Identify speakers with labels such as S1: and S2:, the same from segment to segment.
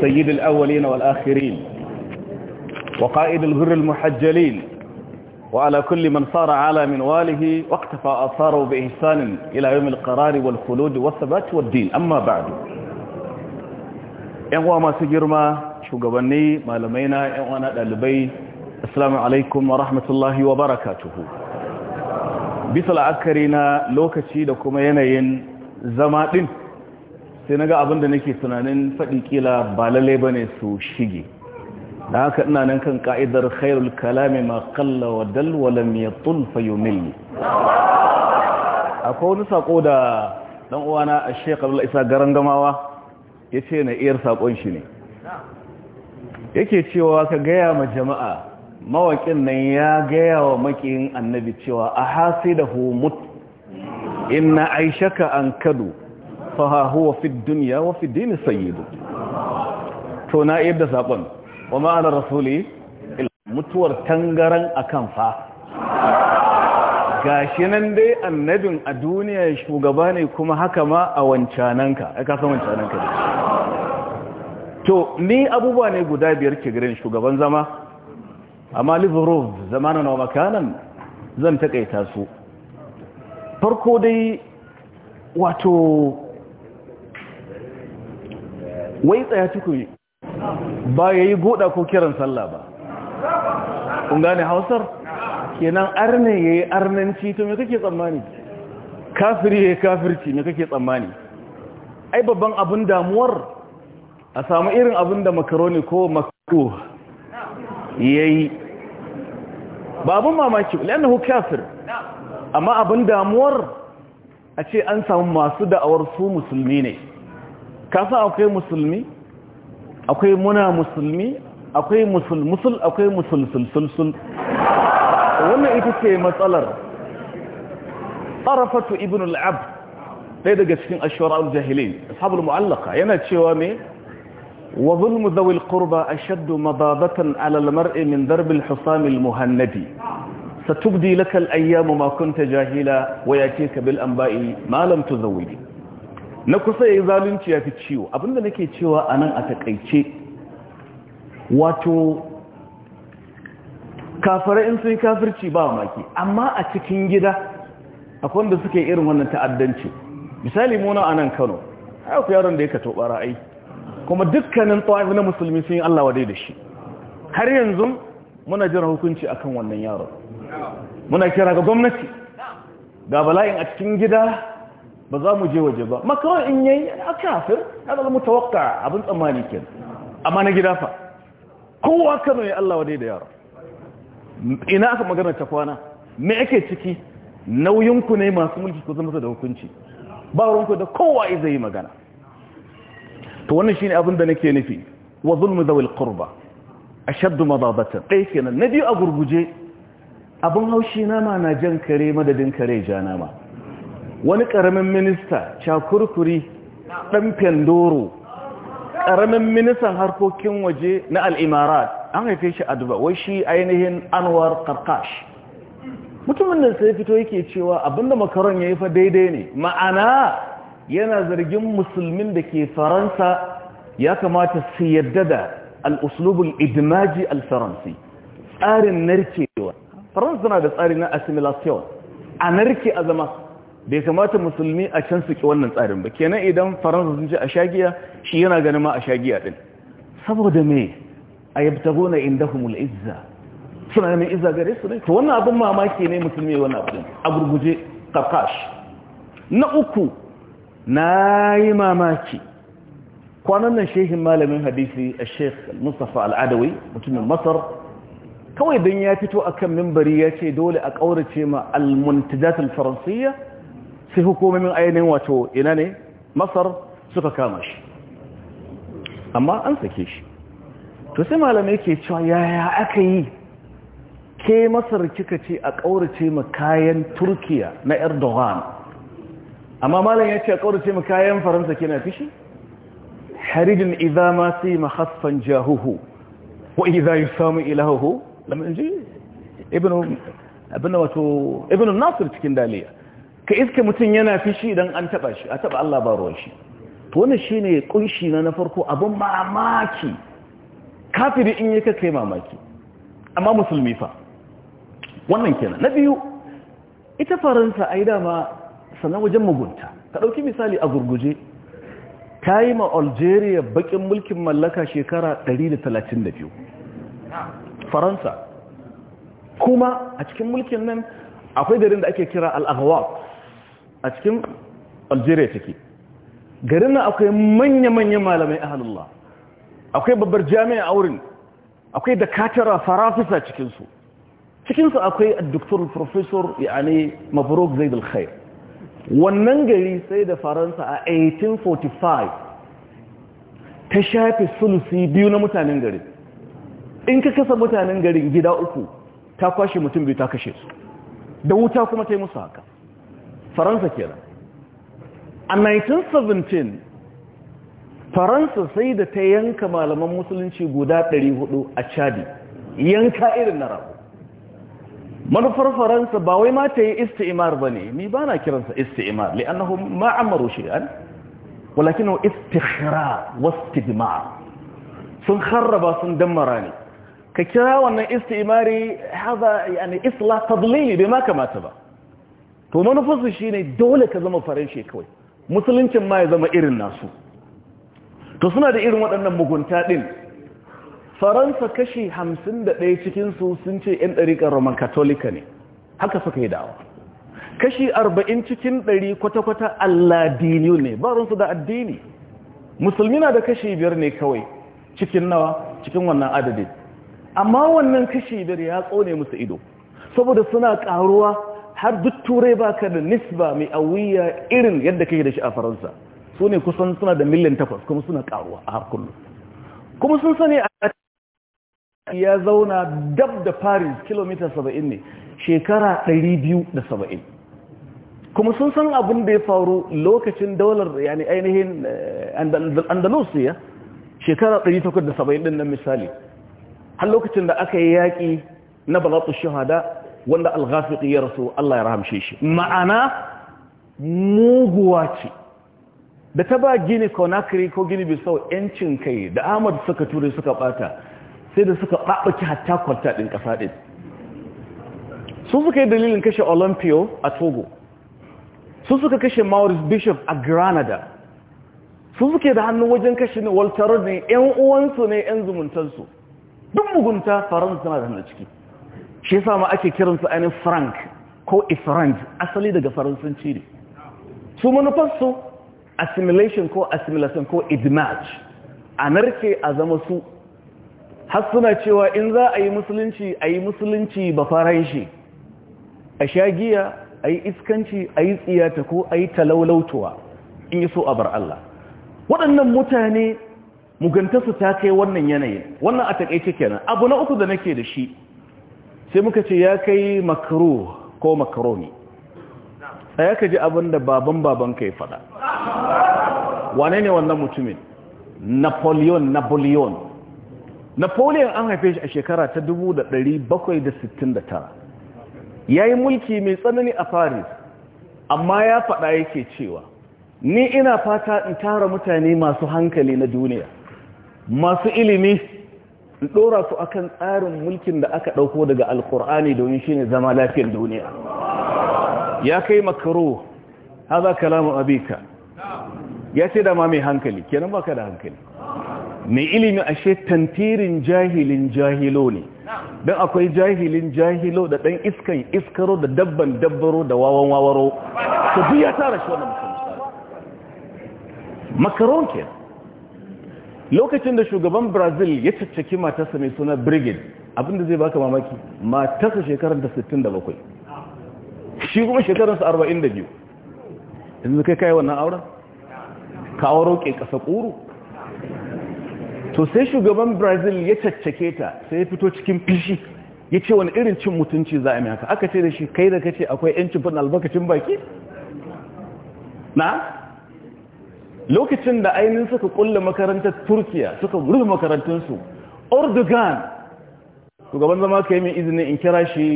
S1: سيد الأولين والآخرين وقائد الغر المحجلين وعلى كل من صار على من واله واقتفى أثاره بإحسان إلى يوم القرار والخلود والثبات والدين أما بعد ينقوى ما سجرما شقبني ما لمينا ينقوانا للبي السلام عليكم ورحمة الله وبركاته بصلا أكرنا لوكتشي لكم ينين زمادين sai na ga abin da nake tunanin faɗi kila ba lalle ba ne su shige da haka ina nan kan ka'idar khairul kalami ma kalla wa dal wa lam yatul fa yumil akwai wani sako da dan uwana a Sheikh Abdul Isa Garangamawa yace na iyar sakon shi ne yake cewa ka gaya ma jama'a mawakin nan ya gaya wa makiyin annabi cewa a humut. mut inna aishaka an kadu faha huwa fi dunya wa fi dini sayyidu to na yadda sakon wa ma'ana rasuli mutuwar tangaran akan fa gashi nan dai annabin a duniya shugaba ne kuma haka ma a wancananka ka san wancananka to ni abubuwa ne guda biyar ke girin shugaban zama amma liverov zamanan wa makanan zan takaita su farko dai wato wai tsaya tukuri ba ya yi goda ko kiran sallah ba kun gane hausar kenan arne ya yi arnanci to me kake tsammani kafiri ya yi kafirci me kake tsammani ai babban abin damuwar a samu irin abin da makaroni ko makaru ya yi ba abin mamaki lanahu kafir amma abin damuwar a ce an samu masu da'awar su musulmi ne kasa akwai musulmi akwai muna musulmi akwai musulmusul akwai musulsulsulsul wannan ita ce matsalar arafatu ibn al'ab ɗaya daga cikin ashwar al-jahilin ashabul mu'allaka yana cewa ne wa zulmu zawil qurba ashaddu madabatan ala al-mar'i min darb al-husam al-muhannadi satubdi laka al-ayyamu ma kunta jahila wa yatika bil anba'i ma lam tuzawwidi na kusa ya yi zalunci ya fi ciwo abinda nake cewa a nan a takaice wato kafara in sun kafirci ba maki amma a cikin gida akwai wanda suke irin wannan ta'addanci misali muna a nan kano ku yaron da ya kato ra'ayi kuma dukkanin tsawafi na musulmi sun yi allah dai da shi har yanzu muna jira hukunci a kan wannan yaron
S2: muna kira ga gwamnati
S1: ga bala'in a cikin gida ba za mu je waje ba makawar in yayi a kafir na zama mutawakka abin tsammani ke amma na gida fa kowa kano ya Allah wadai da yaro ina aka magana ta kwana me yake ciki nauyinku ne masu mulki ko zama da hukunci ba ruwanku da kowa zai yi magana to wannan shine abin da nake nufi wa zulmu zawil qurba ashaddu madabatan kai kenan na biyu a gurguje abin haushi nama na jan kare madadin kare ja nama wani ƙaramin minista cakurkuri ɗan fendoro ƙaramin ministan harkokin waje na al'imarat an haife shi a duba wai shi ainihin anwar karkash mutumin da sai fito yake cewa abinda makaron ya yi fa daidai ne ma'ana yana zargin musulmin da ke faransa ya kamata su yadda da al'uslubul idimaji Alfaransi. tsarin narkewa faransa na da tsari na assimilation a narke a zama bai kamata musulmi a can suke wannan tsarin ba kenan idan faransa sun ce a shagiya shi yana ganin ma a shagiya din saboda me a yabtagona indahumul izza suna neman izza gare su ne to wannan abin mamaki ne musulmi wannan abu. a gurguje karkash. na uku na yi mamaki kwanan nan shehin malamin hadisi a sheikh mustapha al'adawi mutumin masar kawai don ya fito a kan mimbari ya ce dole a ƙaurace ma al-muntajat al-faransiyya sai hukumomin ainihin wato ina ne masar suka kama shi amma an sake shi to sai malamai ke cewa yaya aka yi ke masar kika ce a ƙaurace ma kayan turkiya na erdogan amma malam ya ce a ƙaurace ma kayan faransa kina fishi haridin idza ma sai mahaffan jahuhu wa yi samun ilahuhu lam inji ibnu wato nasir cikin daliya ka iske mutum yana fishi idan an taba shi a taba Allah ba ruwan shi to wannan shine kunshi na na farko abun mamaki kafiri in yake kai mamaki amma musulmi fa wannan kenan na biyu ita faransa ai dama sanan wajen mugunta ka dauki misali a gurguje ta ma algeria bakin mulkin mallaka shekara 132 faransa kuma a cikin mulkin nan akwai garin da ake kira Al al-aghwaq a cikin algeria take garin na akwai manya-manyan malamai a ahalullah akwai babbar jami'a a wurin akwai da katara farafisa cikinsu cikinsu akwai doktor professor yani mabrok zai dalkhai wannan gari sai da faransa a 1845 ta shafe sulusi biyu na mutanen gari in ka kasa mutanen gari gida uku ta kwashe mutum biyu ta kashe su da wuta kuma ta yi musu haka faransa kenan a 1917 faransa sai da ta yanka malaman musulunci guda 400 a chadi yanka irin na rabu manufar faransa ba wai ma ta yi isti'imar ba ne ni ba na kiransa isti'imar li'annahu ma'amaru shi'an walakin istikhra wastidmar sun harraba sun dammara ne ka kira wannan istimari haza yani isla tadlili bai ma kamata ba to shi shine dole ka zama faranshe kawai musuluncin ma ya zama irin nasu to suna da irin waɗannan mugunta ɗin faransa kashi hamsin da ɗaya cikinsu sun ce 'yan ɗariƙar roman katolika ne haka suka yi dawa kashi arba'in cikin ɗari kwata-kwata alladiniyu ne barinsu da addini musulmi na da kashi biyar ne kawai cikin nawa cikin wannan adadin amma wannan kashi biyar ya tsone musu ido saboda suna ƙaruwa har duk turai ba ka da nisba mai awiya irin yadda kake da shi a faransa su ne kusan suna da miliyan takwas kuma suna karuwa a kullum kuma sun sani a ya zauna dab da paris kilomita 70 ne shekara 270 kuma sun san abin da ya faru lokacin daular yani ainihin eh, andalusiya shekara 870 din nan misali har lokacin da aka yi yaƙi na balatu shahada wanda Alkasi ya rasu Allah ya rahamshe shi ma'ana muguwa ce da ta ba gini konakiri ko gini bisau yancin kai da ahmad suka ture suka bata sai da suka babaki hatta kwanta din kasa din. sun suka yi dalilin kashe olympio a togo sun suka kashe maurice bishop a granada sun suke da hannun wajen kashe ne walter rodney 'yan uwansu ne 'yan zumuntarsu duk mugunta faransa na da hannun ciki shi yasa ma ake kiransu ainihin frank ko ifranc asali daga faransanci ne su manufarsu assimilation ko assimilation ko idmaj a narke a zama su har suna cewa in za a yi musulunci a yi musulunci ba faran shi a shagiya a yi iskanci a yi tsiyata ko a yi talaulautuwa in yi so a bar Allah waɗannan mutane mugantarsu ta kai wannan yanayin wannan a taƙaice kenan abu na uku da nake da shi sai muka ce ya kai makaro ko makaroni ya kaji abin da baban baban ka yi fada wane ne wannan mutumin napoleon napoleon napoleon an haife shi a shekara ta 1769 ya yi mulki mai tsanani a paris amma ya fada yake cewa ni ina fata in tara mutane masu hankali na duniya masu ilimi dora ɗora su akan tsarin mulkin da aka ɗauko daga alkur'ani domin shi ne zama lafiyar duniya ya kai makaro haza kalamu abika ya ce ma mai hankali kenan baka da hankali mai ilimi ashe tantirin jahilin jahilo ne don akwai jahilin jahilo da ɗan iskan iskaro da dabban dabbaro da wawan wawaro ta biya tara shi wannan mutum makaron kenan lokacin da shugaban brazil ya caccaki matasa mai suna brigade abinda zai baka mamaki matasa shekarar da 67 shi kuma shekararsa 42 yanzu kai kai wannan auren ka auro ke kasa kuru to sai shugaban brazil ya caccake ta sai ya fito cikin fishi ya ce wani irin cin mutunci za a mai haka aka ce da shi kai da kace akwai yancin faɗin albakacin baki na lokacin da ainihin suka kulle makarantar turkiya suka rufe makarantunsu ordogan gaban zama ka yi mai izinin in kira shi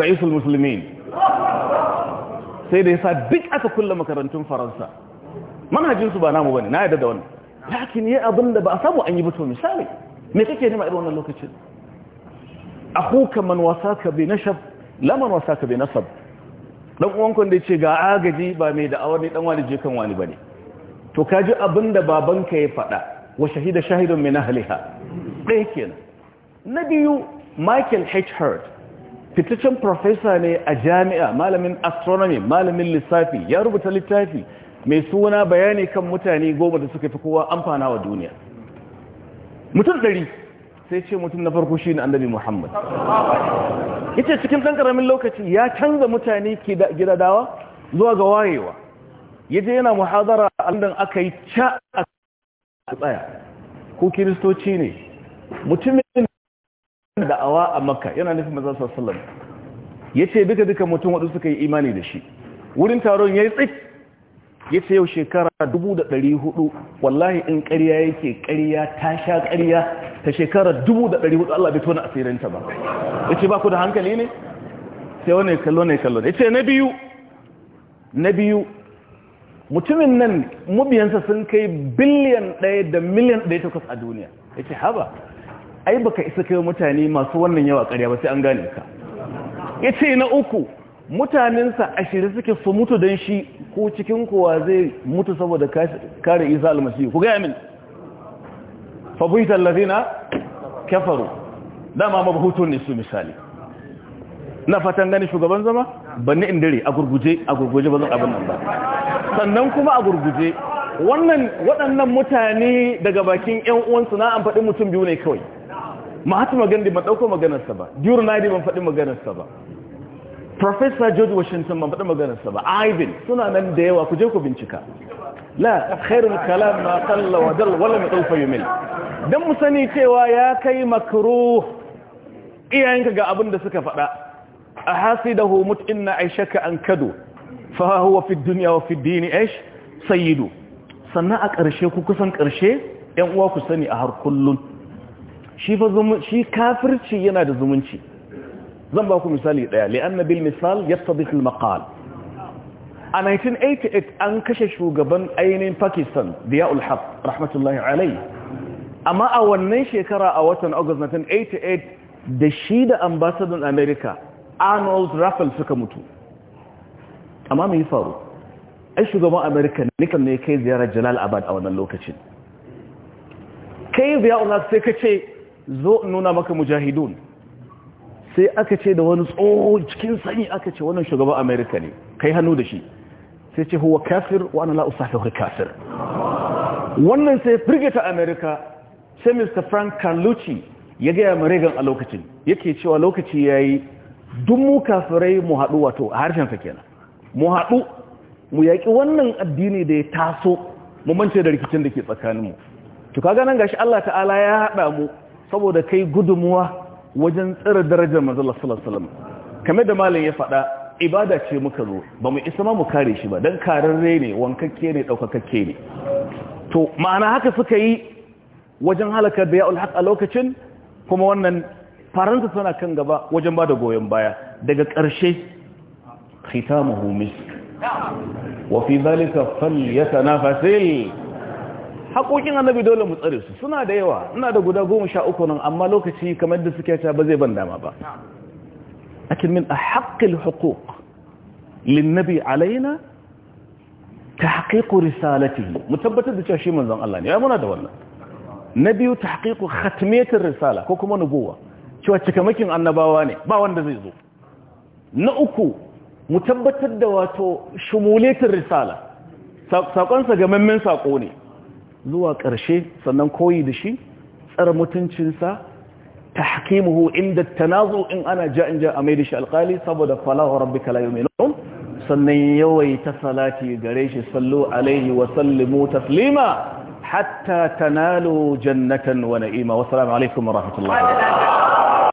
S1: ra'isul musulmi sai da ya sa duk aka kulle makarantun faransa manhajinsu ba namu wani na yadda da wani lakin yi abin da ba a samu an yi bito misali me kake nema irin wannan lokacin A akuka man wasaka bi shaf, laman wasa wasaka bi sab ɗan uwan da ce ga agaji ba mai da'awar ne ɗan wani je kan wani bane to kaji abin da babanka ya faɗa wa shahida shahidun min ahliha ɗaya kenan na biyu Michael H. Hurt fitaccen profesa ne a jami'a malamin astronomi malamin lissafi ya rubuta littafi mai suna bayani kan mutane goma da suka fi kowa amfana wa duniya mutum ɗari sai ce mutum na farko shi ne annabi muhammad ya ce cikin ɗan ƙaramin lokaci ya canza mutane gidadawa zuwa ga wayewa ya je yana muhazara abin aka yi ca a tsaya ko kiristoci ne mutumin da'awa a makka yana nufin maza sassalam ya ce duka duka mutum waɗu suka yi imani da shi wurin taron ya yi tsik ya ce yau shekara hudu wallahi in karya yake karya ta sha ƙarya ta shekara hudu Allah bai tona asirinta ba ya ce ba ku da hankali ne sai wani kallo ne kallo ya ce na biyu na biyu mutumin nan mubiyansa sun kai biliyan ɗaya da miliyan ɗaya takwas a duniya ya ce haba ai ba ka isa kai mutane masu wannan yawa karya ba sai an gane ka ya ce na uku mutanensa ashirin suke su mutu don shi ko cikin kowa zai mutu saboda kare isa almasihu ku gaya min fabuitar na kafaru dama mabahutun ne su misali na fatan gani shugaban zama ni indire a gurguje a gurguje ba zan abin nan ba sannan kuma a gurguje waɗannan mutane daga bakin yan uwansu na an mutum biyu ne kawai Mahatma Gandhi ban ɗauko maganarsa ba na yi ban faɗi maganarsa ba Professor George Washington ban faɗi maganarsa ba Ivan suna nan da yawa ku je ku bincika la khairun kalam na kalla wa dal wala yi mil dan mu sani cewa ya kai makruh iyayenka ga abin da suka faɗa a hasi da ahasidahu mut'inna aishaka an kado. fa huwa fi dunya wa fi dini ish sayyidu sannan a ƙarshe ku kusan ƙarshe ƴan uwa ku sani a har kullun shi fa shi kafirci yana da zumunci zan ba ku misali daya li'anna bil misal yattadhiq al maqal a 1988 an kashe shugaban ainihin Pakistan diya Haq rahmatullahi alai amma a wannan shekara a watan August 1988 da shi da ambassador America Arnold raffles suka mutu amma mai faru ai shugaban amerika nikan ne kai ziyarar jalal abad a wannan lokacin kai ziyarar sai ka ce zo nuna maka mujahidun sai aka ce da wani tsoho cikin sanyi aka ce wannan shugaban amerika ne kai hannu da shi sai ce huwa kafir wa ana la'usafi kafir wannan sai firgita amerika sai mr frank carlucci ya gaya ma a lokacin yake cewa lokaci ya yi dun mu kafirai mu haɗu wato a harshen kenan mu haɗu mu yaƙi wannan addini da ya taso mu mance da rikicin da ke tsakaninmu to kaga nan gashi Allah ta'ala ya haɗa mu saboda kai gudumuwa wajen tsira darajar manzon sallallahu alaihi kamar da malam ya faɗa ibada ce muka zo ba mu isa ma mu kare shi ba dan kararre ne wankakke ne daukakakke ne to ma'ana haka suka yi wajen halakar da ya'ul haq a lokacin kuma wannan faranta tana kan gaba wajen bada goyon baya daga ƙarshe ختامه مسك وفي ذلك فليتنافس haƙoƙin annabi dole mu tsare su suna da yawa ina da guda goma sha uku nan amma lokaci kamar da suke ta ba zai ban dama ba lakin min a haƙƙil linnabi alaina ta haƙiƙu risalatihi mu tabbatar da cewa shi manzon Allah ne ya muna da wannan na biyu ta haƙiƙu risala ko kuma nubuwa cewa cikamakin annabawa ne ba wanda zai zo na uku mu tabbatar da wato shumuletin risala saƙonsa gamammen saƙo ne zuwa ƙarshe sannan koyi da shi tsara mutuncinsa ta hakimuhu inda tanazu in ana in ja a mai da shi alƙali saboda falawa rabbi kalayu mai sannan yawai ta salati gare shi sallu alaihi wa sallimu taslima hatta tanalu jannatan wa na'ima wasu alaikum wa rahmatullahi